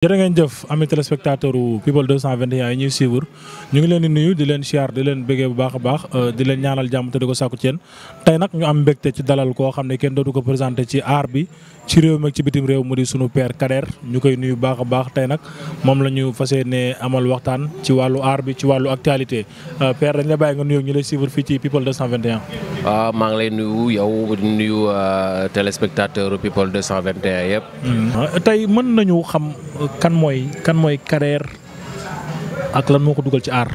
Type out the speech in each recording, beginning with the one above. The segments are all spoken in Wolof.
jërë ngeen jëf ami téléspectateur people 221 yi ñuy suivre ñu ngi leen di nuyu di leen siyaar di leen bëggee bu baax a baax euh, di leen ñaanal jàmm te di ko sàkku ci tey nag ñu am mbégte ci dalal koo xam ne kenn dootu ko présenté ci aar bi ci réew mi ci bitim réew mu di sunu père Kader ñu koy nuyu baax a baax tey nag moom la ñu fas yéene amal waxtaan ci wàllu aar bi ci wàllu actualité euh, père dañ la bàyyi nga nuyu ñu lay suivre fii ci people 221. waaw maa ngi lay nuyu yow di nuyu euh, téléspectateur people 221 yëpp. Hmm. tey mën nañu xam kan mooy kan mooy Kader ak lan moo ko dugal ci aar.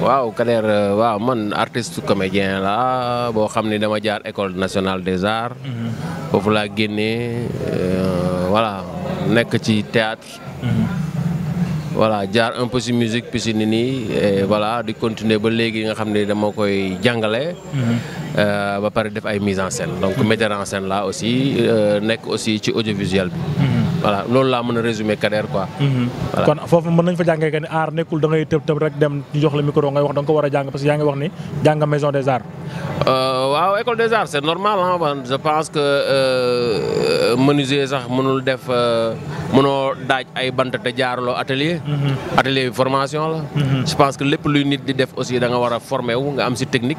waaw Kader euh, waaw man artiste comédien la boo xam ne dama jaar école nationale des arts. Mhm. foofu laa génnee euh, voilà nekk ci théâtre. Mhm. voilà jaar un peu si musique puis si nit di continuer ba léegi nga xam ne dama koy jàngale. Mhm. Euh, ba pare def ay mise en scène donc metteur en scène la aussi nekk aussi ci audiovisuel bi. voilà loolu laa mën a résumé Kader quoi. Mhm. voilà kon foofu mën nañ fa jàngee que ni art nekkul da ngay tëb tëb rek dem jox la micro ngay wax da ko war a jàng parce que yaa ngi wax ni jàng maison des arts. Euh, waaw école des arts c'est normal je pense que euh, menuisier sax mënul def euh, mënoo daaj ay bant te jaaruloo atelier. Mhm. atelier formation la. Mhm. je pense que lépp luy nit di def aussi da nga war a formé nga am si technique.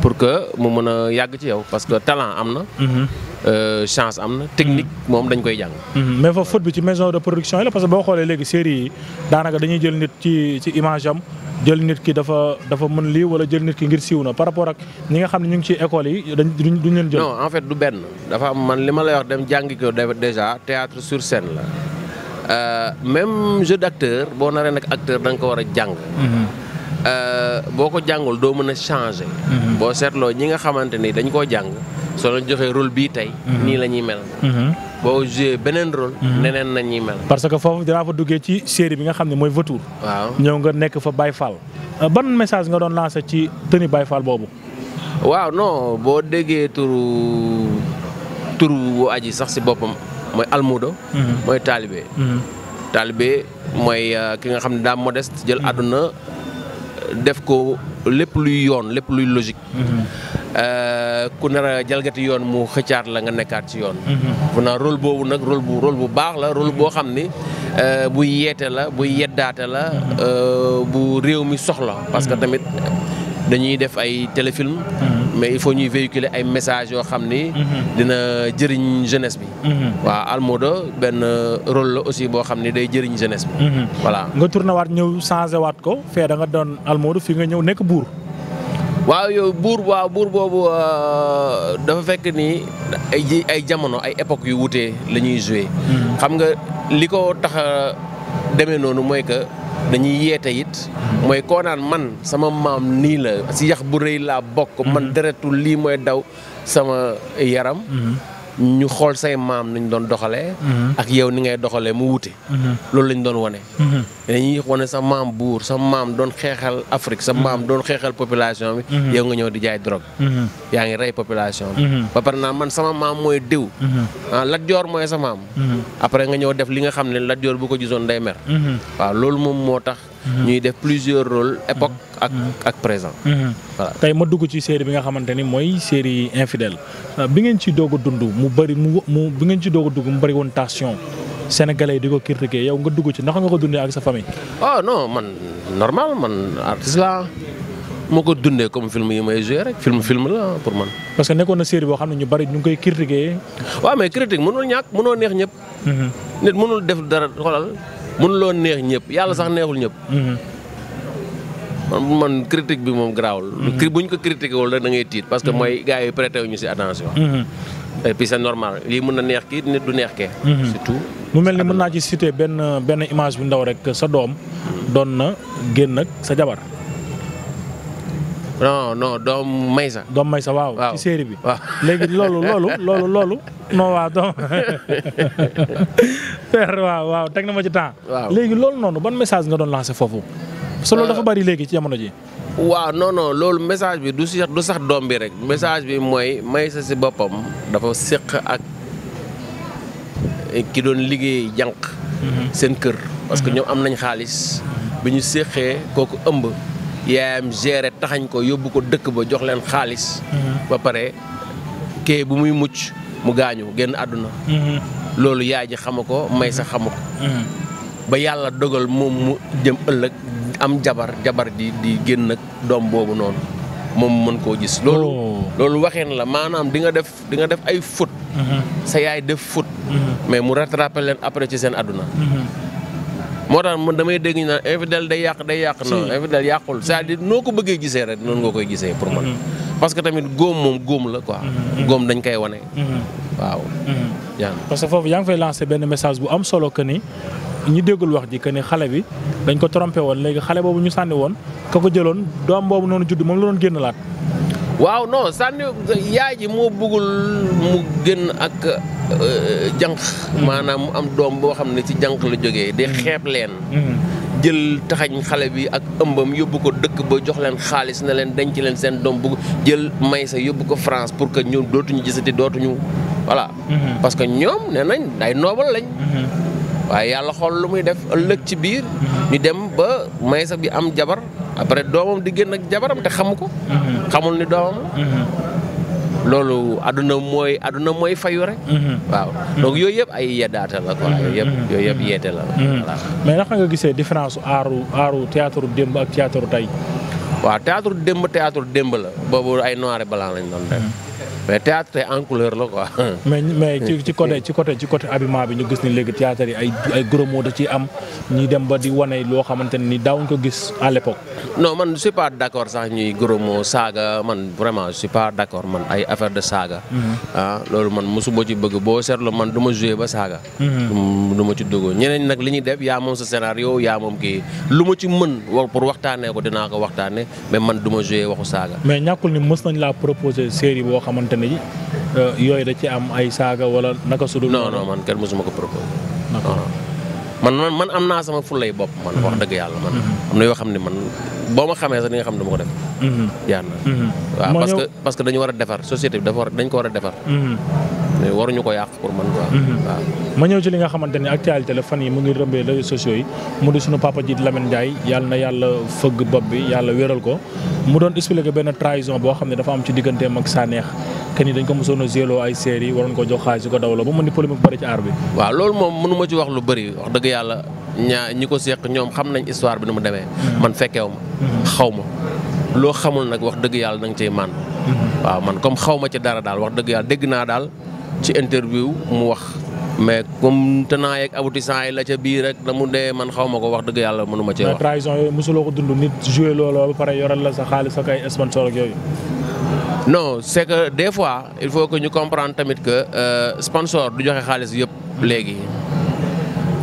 pour que mu mën a yàgg ci yow parce que talent am na. chance am na technique dafa faute bi ci maison de production yi la parce que boo xoolee léegi série yi daanaka dañuy jël nit ci ci image am jël nit ki dafa dafa mën lii wala jël nit ki ngir siiw na par rapport ak ñi nga xam ne ñu ngi ci école yi dañ duñ leen jël. non en fait du benn dafa am man li ma lay wax dem jàngi ko déjà théâtre sur scène la euh, même jeu d' acteur boo naree nag acteur da ko war a jàng. Mhm. Euh, boo ko jàngul doo mën a changer. Mhm. boo seetloo ñi nga xamante ni dañ koo jàng. soo leen joxee rôle bii tey. Mhm. nii la ñuy mel. Mhm. boo joué beneen rôle. Mhm. neneen na mel. parce que foofu danaa fa duggee ci série bi nga xam ne mooy Vautour. waaw ñëw nga nekk fa Baye Fall. Euh, ban message nga doon lancé ci tëni Baye Fall boobu. waaw non boo déggee turu turu bu aji sax si boppam mooy almudo. mooy taalibe. taalibe mooy euh, ki nga xam ne daa modeste jël àdduna euh, def ko lépp luy yoon lépp luy logique. Euh, ku nar a jalgati yoon mu xëccaat la nga nekkaat ci yoon. fu naa rôle boobu nag rôle bu baax la rôle boo xam ni euh, bu yeete la buy yeddaate la euh, bu réew mi soxla parce que tamit dañuy def ay téléfilm mais il faut ñuy véhiculer ay messages yoo xam ni. dina jëriñ jeunesse bi. waaw Almodo benn rôle la aussi boo xam ni day jëriñ jeunesse bi. Mhm. voilà nga tourné ñëw changé ko fee da doon Almodo fi nga ñëw nekk buur. waaw yow buur waaw buur boobu euh, dafa fekk nii ay ji ay jamono ay époque yu wutee la ñuy joué. Hmm. xam nga li ko tax a demee noonu mooy que dañuy yeete it mooy koo naan man sama maam nii la si yax bu rëy laa bokk. man hmm. deretu lii mooy daw sama yaram. Hmm. ñu xool say maam nañ doon doxalee. Mhm. ak yow ni ngay doxalee mu wute. Mhm. loolu lañ doon wane. Mhm. dañuy wane sa maam buur sa maam doon xeexal Afrique sa maam doon xeexal population bi. yow nga ñëw di jaay drogue. yaa ngi rey population bi. ba pare naa man sama maam mooy diw. ah mooy sa maam. après nga ñëw def li nga xam ne Lat Joor bu ko gisoon day mer. waaw loolu moom moo tax. ñuy def plusieurs rôles époque ak mm-hmm. Mm-hmm. présent. Mm-hmm. voilà tey ma dugg ci série bi nga xamante ni mooy série infidèle euh, bi ngeen ci doog a dund mu bëri mu mu bi ngeen ci doog a bëri woon tension sénégalais di ko critiquer yow nga dugg ci naka nga ko dundee ak sa famille. ah non man normal man artiste la moo ko dundee comme film yi may joué rek film film la pour man. parce que nekkoon na série boo xam ne ñu bari ñu ngi koy critiquer. waaw mais critique mënul ñàkk mënoo neex ñëpp. nit mënul def dara xoolal. loo neex ñëpp yàlla sax neexul ñëpp. Mhm. man man bi moom garaawul. Mhm. bu ñu ko critiqué wul rek da tiit. parce que mhm. mooy gars yi prêté wu si attention. et puis c'est normal lii mën na neex kii nit du neex kee. mu mel ni mën naa ci cité benn benn image bu ndaw rek sa doom. doon na génn ak sa jabar. non non doom Maysa. doom Maysa waaw. waaw ci série bi. léegi loolu loolu loolu loolu. non waaw doom. père waaw waaw teg na ma ci temps. waaw léegi loolu noonu ban message nga doon lancé foofu. so loolu dafa euh, bari léegi ci jamono ji. waaw non non loolu message bi du si du sax doom bi rek message bi mooy Maysa si boppam dafa séq ak ki doon liggéey jànq. Mhm. seen kër. parce que mhm. ñoom am nañ xaalis. bi ñu séqee kooku ëmb. yaayam géré taxañ ko yóbbu ko dëkk ba jox leen xaalis. Mhm. ba pare kee bu muy mucc mu gaañu génn àdduna. loolu yaay ji xamu ko may sa xamu ko ba yàlla dogal moom mu jëm ëllëg am jabar jabar ji di génn ak doom boobu noonu moom mën koo gis loolu oh. loolu waxeen la maanaam di nga def di nga def ay foot mm-hmm. sa yaay def foot mm-hmm. mais mu rattrapé leen après ci seen àdduna mm-hmm. moo tax man damay dégg ñu naan infidèle day yàq day yàq non infidèle yàqul cest à noo ko bëggee gisee rek noonu nga koy gisee pour man parce que tamit góom moom góom la quoi. Mhm. góom dañ koy wane. Mhm. waaw. Mhm. parce que foofu yaa ngi fay lancé benn message bu am solo que ni ñu déggul wax ji que ni xale bi dañ ko trompé woon léegi xale boobu ñu sànni woon ka ko jëloon doom boobu noonu judd moom la doon génn laat. waaw non sànni yaay ji moo bëggul mu gën ak euh, janq maanaam mu am doom boo xam ne ci janq la jógee. di xeeb leen. jël taxañ xale bi ak ëmbam yóbbu ko dëkk ba jox leen xaalis na leen denc leen seen doom bu jël Maysa yóbbu ko France pour que ñoom dootuñu gisati dootuñu voilà. Mhm. parce que ñoom nee nañ day noobal lañ. Mhm. waaye yàlla xool lu muy def ëllëg ci biir. Mhm. ñu dem ba Maysa bi am jabar après doomam di gën ak jabaram te xamu ko. xamul ni doomam loolu àdduna mooy àdduna mooy fayu rek. Mhm. waaw donc yooyu yëpp ay yeddaata la quoi. yooyu yëpp mhm. yooyu yeete la. Mhm. voilà mais naka nga gisee différence aaru aaru théâtre démb ak théâtre tey. waaw théâtre démb théâtre démb la boobu ay noir et blanc lañ doon def. mais théâtre en couleur la quoi. mais mais ci ci côté ci côté ci côté habillement bi ñu gis ni léegi théâtre yi ay ay gros da ciy am ñuy dem ba di wane loo xamante ni daawuñ ko gis à l'époque non man je suis pas d'accord sax ñuy gros mot saaga man vraiment je suis pas d'accord man ay affaire de saaga. Mm-hmm. ah loolu man mosuma ci bëgg boo seetloo man du ma joué ba saaga. Mm-hmm. Mm, du ma ci dugg ñeneen nag li ñuy def yaa moom sa scénario yaa moom kii lu ma ci mën war pour waxtaanee ko dinaa ko waxtaanee mais man du ma joué waxu saaga. mais ñàkkul ni mës nañ laa proposé série boo xamante ne euh, yooyu da ci am ay saaga wala naka su dul. non non man kenn mosuma ko proposé. man man man am naa sama fulay bopp man wax dëgg yàlla man am na yoo xam ne man boo ma xamee sax di nga xam ne dama ko def yaan mm-hmm. mm-hmm. waaw parce que parce dañu war a defar société bi dafa war dañ ko war a defar mm-hmm. mais waruñu ko yàq pour mhm. waaw ma ñëw ci li nga xamante ne actualité la fan yi mu ngi rëmbee réseaux yi mu di suñu papa ji Lamine Ndiaye yàlla na yàlla fëgg bopp bi yàlla wéral ko mu doon expliqué benn trahison boo xam ne dafa am ci digganteem ak Sanex kenn dañ ko mosoon a zéloo ay séries waroon ko jox xaalis yu ko dawloo ba mu ni polémique bari ci aar loolu moom mënu ma ci wax lu bëri wax dëgg yàlla ñaa ñi ko seq ñoom xam nañ histoire bi nu mu demee. Mhm. man fekkeewu ma mhm. xaw ma loo xamul nag wax dëgg yàlla da nga cey man waaw man ci interview mu wax mais comme tenants yeeg aboutissants yi la ca biir rek da mu dee man xaw ma ko wax dëgg yàlla mënuma ma cee wax. mais trahison ko dund nit joué looloo ba pare yoral la sa xaalis sa ay sponsor ak yooyu. non c' que des fois il faut que ñu comprendre tamit que euh, sponsor du joxe xaalis yëpp léegi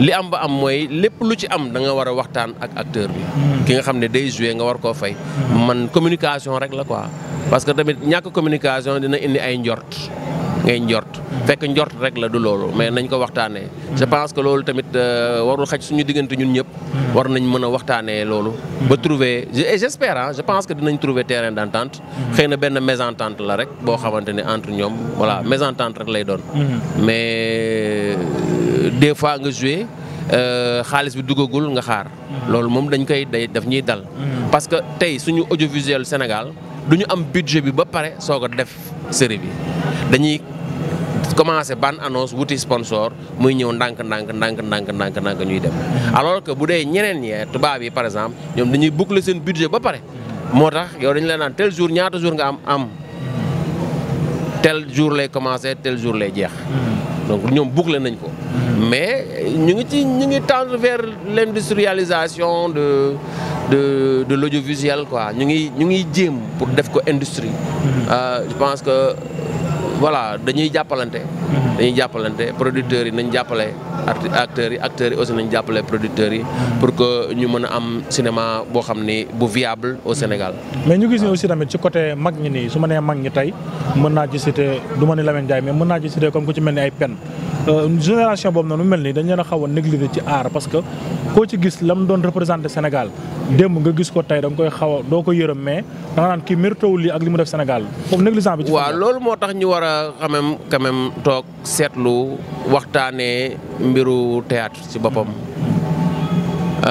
li am ba am mooy lépp lu ci am da nga war a waxtaan ak acteur bi. Hmm. ki nga xam ne day joué nga war koo fay. Hmm. man communication rek la quoi parce que tamit ñàkk communication dina indi ay njort. ngay njort fekk njort rek la du loolu mais nañ ko waxtaanee je pense que loolu tamit euh, warul xaj suñu diggante ñun ñëpp war nañ mën a waxtaanee loolu ba trouver et j'espère je pense que dinañ trouver terrain d'entente xëy na benn mésentente la rek boo xamante ne entre ñoom voilà mésentente rek lay doon mhm. mais euh, des fois nga jouer euh, xaalis bi duggagul nga xaar mhm. loolu moom dañ koy day daf ñuy dal mhm. parce que tey suñu audiovisuel Sénégal duñu am budget bi ba pare soog a def bi commencé ban annonce wuti sponsor muy ñëw ndànk ndànk ndànk ndànk ndànk ndànk ñuy dem alors que bu dee ñeneen ñee tubaab yi par exemple ñoom dañuy boucler seen budget ba pare moo tax yow dañu la naan tel jour ñaata jour nga am am tel jour lay commencé tel jour lay jeex donc ñoom boucler nañ ko mais ñu ngi ci ñu ngi tendre vers l'industrialisation de de de l'audiovisuel quoi ñu ngi ñu ngi jéem pour def ko industrie euh, je pense que voilà dañuy jàppalante. dañuy jàppalante producteurs yi nañ jàppale acteurs yi acteur yi aussi nañu jàppale producteurs yi. pour que ñu mën a am cinéma boo xam ni bu viable au Sénégal. mais ñu gis ne aussi tamit ci côté mag ñi nii su ma nee mag ñi tey mën naa ci cité du ma ne Lamine Ndiaye mais mën naa ci cité comme ku ci mel ni ay pen euh, génération boobu noonu mu mel nii dañ leen a xaw a ci art parce que koo ci gis la mu doon représenté Sénégal. démb nga gis ko tey da koy xaw a doo ko yërëm mais da nga naan kii méritewul lii ak li mu def Sénégal foofu négligence bi. ci loolu moo tax ñu war a quand même toog seetlu waxtaanee mbiru théâtre ci boppam.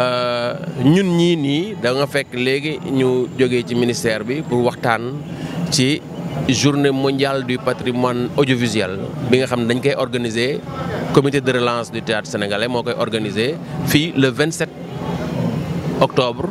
Euh, ñun ñii nii da nga fekk léegi ñu jógee ci ministère bi pour waxtaan ci journée mondiale du patrimoine audiovisuel bi nga xam ne dañ koy organiser comité de relance du théâtre sénégalais moo koy organiser fii le 27 octobre.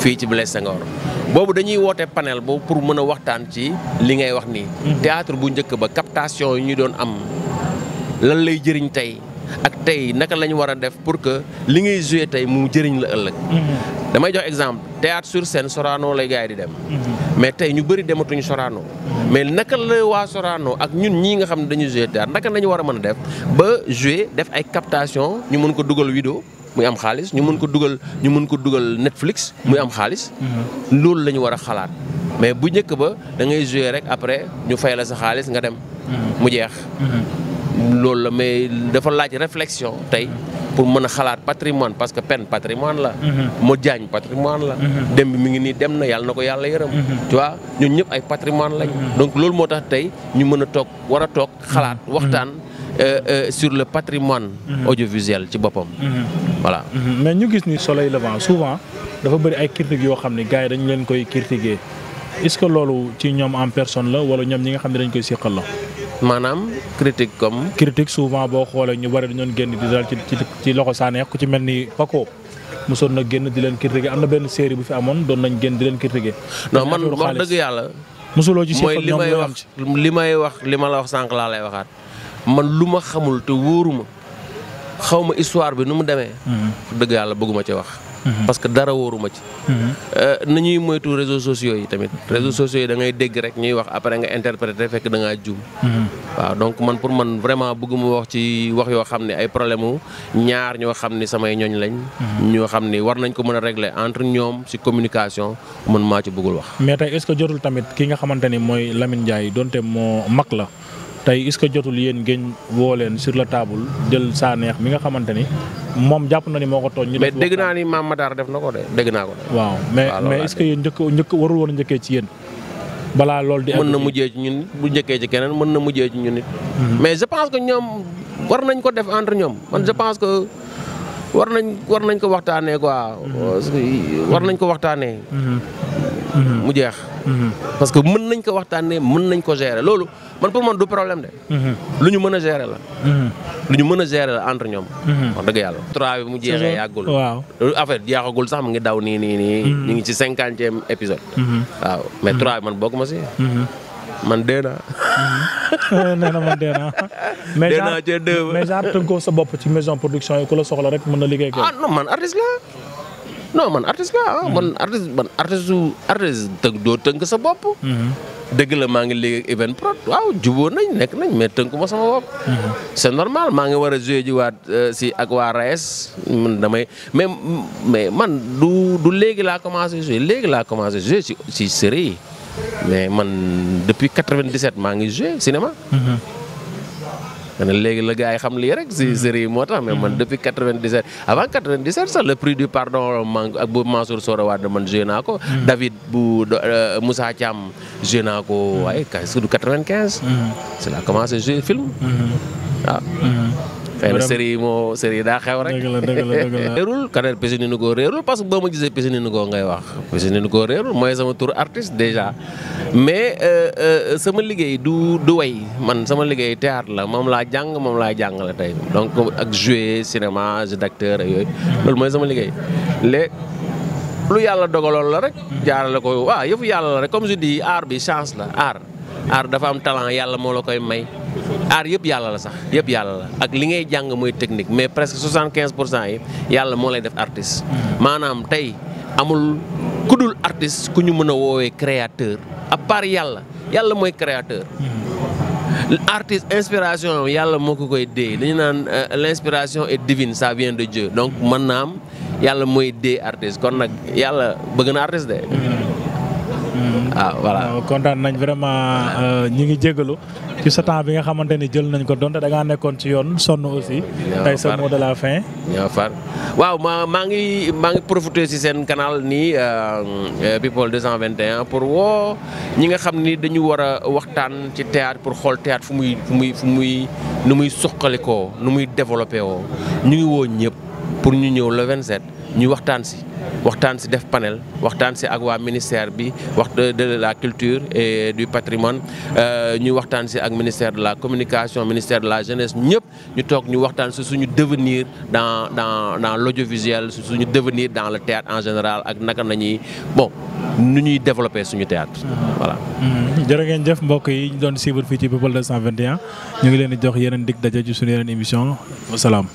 fii ci Blaise Senghor. boobu dañuy woote panel boobu pour mën a waxtaan ci li ngay wax nii. théâtre bu njëkk ba captation yi ñuy doon am lan lay jëriñ tey ak tey naka lañu war a def pour que li ngay joué tey mu jëriñ la ëllëg. damay jox exemple théâtre sur scène soraano lay gaay di dem. mais tey ñu bëri dematuñu soraano mais naka la waa soraano ak ñun ñii nga xam ne dañu joué théâtre naka lañu war a mën a def ba joué def ay captation ñu mën ko dugal vidéo muy am xaalis ñu mën ko dugal ñu mën ko dugal Netflix muy am xaalis. Mhm. loolu lañu ñu war a xalaat mais bu njëkk ba da ngay rek après ñu fay la sa xaalis nga dem. Mhm. mu jeex. Mhm. loolu la mais dafa laaj réflexion tey pour mën a xalaat patrimoine parce que pen patrimoine la mo jaañ patrimoine la dem bi mi ngi nii dem na yàlla na ko yàlla yërëm tu vois ñun ñëpp ay patrimoine lañ donc loolu moo tax tey ñu mën a toog war a toog xalaat waxtaan Euh, euh, sur le patrimoine mhm. audiovisuel ci boppam mhm. voilà mhm. mais ñu gis ni soleil levant souvent dafa bari ay critiques yoo xam ne gars yi dañu leen koy critiquer est-ce que loolu ci ñoom en personne la wala ñoom ñi nga xam ne dañ koy siqal la maanaam critique comme critique souvent boo xoolee ñu bari dañoon génn di dal ci loxo Sanex ku ci mel ni Paco mosoon na génn di leen critiquer am na benn série bu fi amoon doon nañ génn di leen critiquer non man wax dëgg yàlla mosuloo ci li may wax li ma la wax sànq laa lay waxaat man lu ma xamul te wóoruma xaw ma histoire bi nu mu demee. Mhm. dëgg yàlla bëgguma ci wax. Mhm. parce que dara wóoruma ci. Mhm. Euh, na ñuy moytu réseaux sociaux yi tamit réseaux sociaux yi da ngay dégg rek ñuy wax après nga interpréter fekk da ngaa juum. waaw donc man pour man vraiment bëgguma wax ci wax yoo xam ne ay problème wu ñaar ñoo xam ni samay ñooñ lañ. ñoo xam ni war nañ ko mën a régler entre ñoom si communication man maa ci bëggul wax. mais te est-ce jotul tamit ki nga xamante ni mooy Lamine Ndiaye donte moo mag la. tey est-ce que jotul yéen ngeen woo leen sur la table jël saa neex mi nga xamante ni moom jàpp na ni moo ko tooñ. ñu def mais dégg naa ni Mame Matar def na ko de dégg naa waaw mais mais est-ce que yéen njëkk njëkk warul woon njëkkee ci yéen. balaa loolu di. mën na mujjee ci ñun bu njëkkee ci keneen mën na mujjee ci ñun nit mhm. mais je pense que ñoom war nañ ko def entre ñoom man je pense que war nañ war nañ ko waxtaanee quoi. Mhm. war nañ ko waxtaanee. Mhm. mu jeex. parce que mën nañ ko waxtaanee mën nañ ko gérer loolu man pour man du problème de. lu ñu mën a gérer la. lu ñu mën a gérer la entre ñoom. wax dëgg yàlla. trois bi mu jeexee yàggul. waaw loolu affaire jeexagul sax mu ngi daw nii nii nii. Mm-hmm. ñu ngi ci cinquantième épisode. Mm-hmm. waaw mais trois bi man bokk ma si. man mm-hmm. dee man dee naa. dee naa ci maison production yi ku la soxla rek mën na liggéey ak ah man artiste la non man artiste la ah, man mm-hmm. artiste man artiste su artiste tënk doo tënk sa bopp. Mm-hmm. dëgg la maa ngi liggéey ak Event Prod waaw juboo nañ nekk nañ mais tënk ma sama bopp. Mm-hmm. c'est normal maa ngi war a joué ji waat euh, si ak waa RAES man damay mais man du du léegi laa commencé joué léegi laa commencé joué si si série yi mais man depuis 97 maa ngi joué cinéma. ne léegi la gars yi xam li rek si hmm. série yi moo tax mais man hmm. depuis 97 avant 97 sax le prix du pardon man ak bu Mansour Soro Wade man joué naa ko. Hmm. David bu euh, Moussa Thiam joué naa ko waaye kay surtout 95. c'est là commencé joué film waaw. Ah. yi moo série yi daa xew rek réerul Kanel Piccininigo réerul parce que boo ma gisee Piccininigo ngay wax Piccininigo réerul mooy sama tur artiste déjà mais euh, euh, sama liggéey du du way man sama liggéey théâtre la moom laa jàng moom laa jàng la tey donc ak jouer cinéma jeu d'acteur ak yooyu loolu mooy sama liggéey léegi lu yàlla dogaloon la rek jaarale ko waaw yëfu yàlla la rek comme je dis art bi chance la art dafa am talent yàlla moo la koy may aar yëpp yàlla la sax yëpp yàlla la ak li ngay jàng mooy technique mais presque soixante quinze pour cent yi yàlla moo lay def artiste. maanaam tey amul ku dul artiste ku ñu mën a woowee créateur à part yàlla yàlla mooy créateur. artiste inspiration yàlla moo ko koy dee dañu naan euh, l' inspiration est divine ça vient de Dieu donc mën naa am yàlla mooy dee artiste kon nag yàlla bëgg na artiste de. Mm-hmm. ah voilà euh, kontaan nañ vraiment euh, ñi ngi jégalu ci sa bi nga xamante ni jël nañ ko donte da ngaa nekkoon ci yoon sonn aussi. tey sa mot de la fin. ñoo waaw ma maa ngi maa ngi profité si seen canal nii euh, People 221 pour woo ñi nga xam ni dañu war a waxtaan ci théâtre pour xool théâtre fu muy fu muy fu muy nu muy suqalikoo nu muy développé woo ñu ngi woo ñëpp pour ñu ñëw la vingt 27. ñu waxtaan si waxtaan si def panel waxtaan si ak waa ministère bi wax de la culture e du patrimoine euh, ñuy waxtaan si ak ministère de la communication ministère de la jeunesse ñëpp ñu toog ñu waxtaan si suñu devenir dans dans dans l'audiovisuel suñu devenir dans le théâtre en général ak naka nañuy bo nu ñuy développer suñu théâtre voilà. Mm-hmm. jërë ngeen jëf mbokk yi ñu doon suivre fii ci People 221 ñu ngi leen di jox yeneen dig daje suñu yeneen émission wasalaam.